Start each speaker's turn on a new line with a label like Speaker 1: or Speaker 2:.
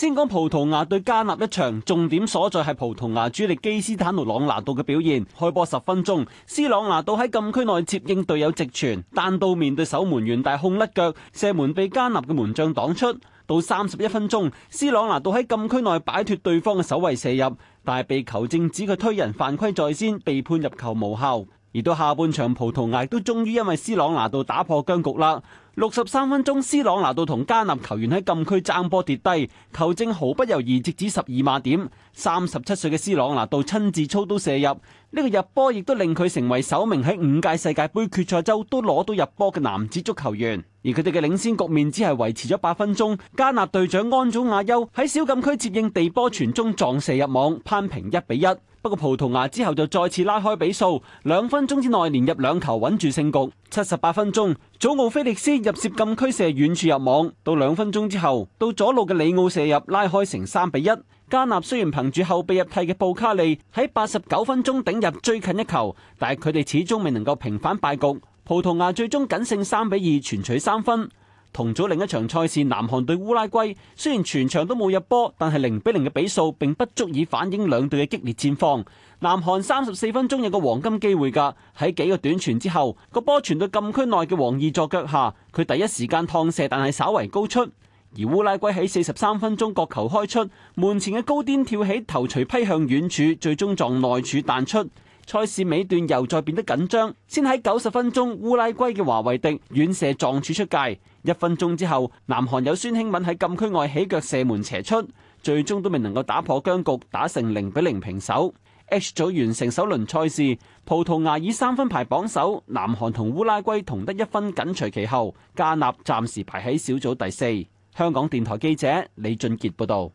Speaker 1: 先講葡萄牙對加納一場，重點所在係葡萄牙主力基斯坦奴朗拿度嘅表現。開波十分鐘，斯朗拿度喺禁區內接應隊友直傳，但到面對守門員大控甩腳，射門被加納嘅門將擋出。到三十一分鐘，斯朗拿度喺禁區內擺脫對方嘅守衛射入，但係被球證指佢推人犯規在先，被判入球無效。而到下半場，葡萄牙都終於因為斯朗拿度打破僵局啦。六十三分鐘，C 朗拿度同加納球員喺禁區爭波跌低，球證毫不猶豫，直指十二碼點。三十七歲嘅 C 朗拿度親自操刀射入，呢個入波亦都令佢成為首名喺五屆世界盃決賽周都攞到入波嘅男子足球員。而佢哋嘅領先局面只係維持咗八分鐘，加納隊長安祖亞優喺小禁區接應地波傳中撞射入網，攀平一比一。不過葡萄牙之後就再次拉開比數，兩分鐘之內連入兩球，穩住勝局。七十八分鐘，祖奧菲力斯入涉禁區射禁區射遠處入網，到兩分鐘之後，到左路嘅里奧射入拉開成三比一。加納雖然憑住後備入替嘅布卡利喺八十九分鐘頂入最近一球，但係佢哋始終未能夠平反敗局。葡萄牙最終僅勝三比二，全取三分。同組另一場賽事，南韓對烏拉圭，雖然全場都冇入波，但係零比零嘅比數並不足以反映兩隊嘅激烈戰況。南韓三十四分鐘有個黃金機會㗎，喺幾個短傳之後，個波傳到禁區內嘅黃義助腳下，佢第一時間趟射，但係稍為高出。而烏拉圭喺四十三分鐘角球開出，門前嘅高癲跳起頭槌，批向遠柱，最終撞內柱彈出。賽事尾段又再變得緊張，先喺九十分鐘，烏拉圭嘅華維迪遠射撞柱出界。一分鐘之後，南韓有孫興敏喺禁區外起腳射門斜出，最終都未能夠打破僵局，打成零比零平手。H 組完成首輪賽事，葡萄牙以三分排榜首，南韓同烏拉圭同得一分緊隨其後，加納暫時排喺小組第四。香港電台記者李俊傑報道。